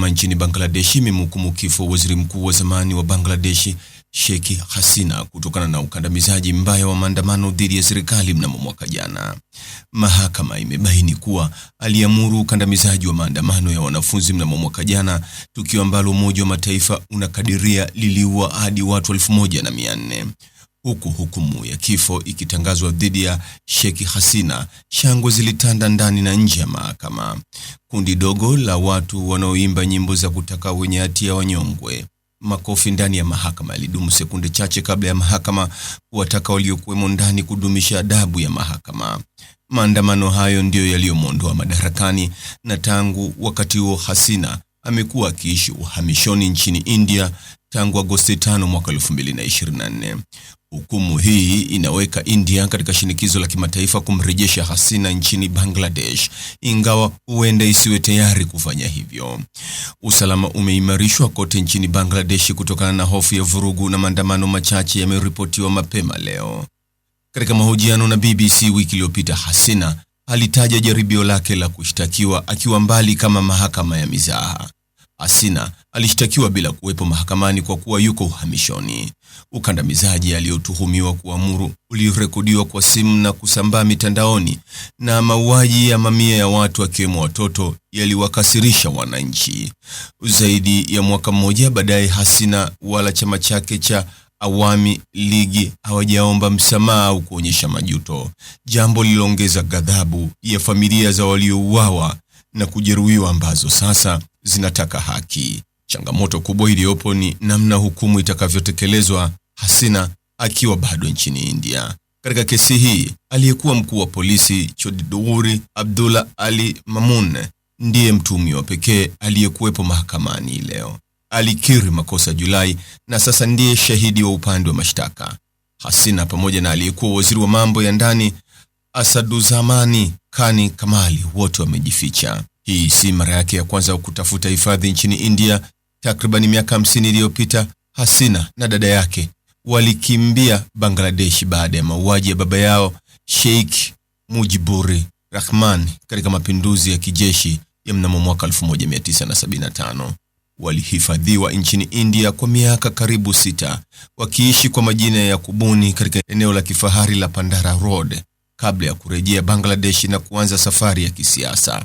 mahakama nchini Bangladesh imemhukumu kifo waziri mkuu wa zamani wa Bangladesh Sheikh Hasina kutokana na ukandamizaji mbaya wa maandamano dhidi ya serikali mnamo mwaka jana. Mahakama imebaini kuwa aliamuru ukandamizaji wa maandamano ya wanafunzi mnamo mwaka jana, tukio ambalo Umoja wa Mataifa unakadiria liliua hadi watu elfu moja na mia nne. Huku hukumu ya kifo ikitangazwa dhidi ya Sheikh Hasina, shangwe zilitanda ndani na nje ya mahakama. Kundi dogo la watu wanaoimba nyimbo za kutaka wenye hatia wanyongwe. Makofi ndani ya mahakama yalidumu sekunde chache kabla ya mahakama kuwataka waliokuwemo ndani kudumisha adabu ya mahakama. Maandamano hayo ndiyo yaliyomwondoa madarakani, na tangu wakati huo Hasina amekuwa akiishi uhamishoni nchini India tangu Agosti 5 mwaka 2024. Hukumu hii inaweka India katika shinikizo la kimataifa kumrejesha Hasina nchini Bangladesh, ingawa huenda isiwe tayari kufanya hivyo. Usalama umeimarishwa kote nchini Bangladesh kutokana na hofu ya vurugu na maandamano machache yameripotiwa mapema leo. Katika mahojiano na BBC wiki iliyopita, Hasina alitaja jaribio lake la kushtakiwa akiwa mbali kama mahakama ya mizaha. Asina alishtakiwa bila kuwepo mahakamani kwa kuwa yuko uhamishoni. Ukandamizaji aliyotuhumiwa kuamuru ulirekodiwa kwa simu na kusambaa mitandaoni, na mauaji ya mamia ya watu akiwemo watoto yaliwakasirisha wananchi. Zaidi ya mwaka mmoja baadaye, Hasina wala chama chake cha Awami Ligi hawajaomba msamaha au kuonyesha majuto, jambo lililoongeza ghadhabu ya familia za waliouawa na kujeruhiwa ambazo sasa zinataka haki. Changamoto kubwa iliyopo ni namna hukumu itakavyotekelezwa, Hasina akiwa bado nchini India. Katika kesi hii, aliyekuwa mkuu wa polisi Choudhury Abdullah Ali Mamun ndiye mtuhumiwa pekee aliyekuwepo mahakamani leo. Alikiri makosa Julai na sasa ndiye shahidi wa upande wa mashtaka. Hasina pamoja na aliyekuwa waziri wa mambo ya ndani Asaduzamani Kani Kamali wote wamejificha. Hii si mara yake ya kwanza kutafuta hifadhi nchini India. takribani miaka 50 iliyopita, Hasina na dada yake walikimbia Bangladesh baada ya mauaji ya baba yao Sheikh Mujiburi Rahman katika mapinduzi ya kijeshi ya mnamo mwaka 1975. Walihifadhiwa nchini India kwa miaka karibu sita, wakiishi kwa majina ya kubuni katika eneo la kifahari la Pandara Road kabla ya kurejea Bangladesh na kuanza safari ya kisiasa.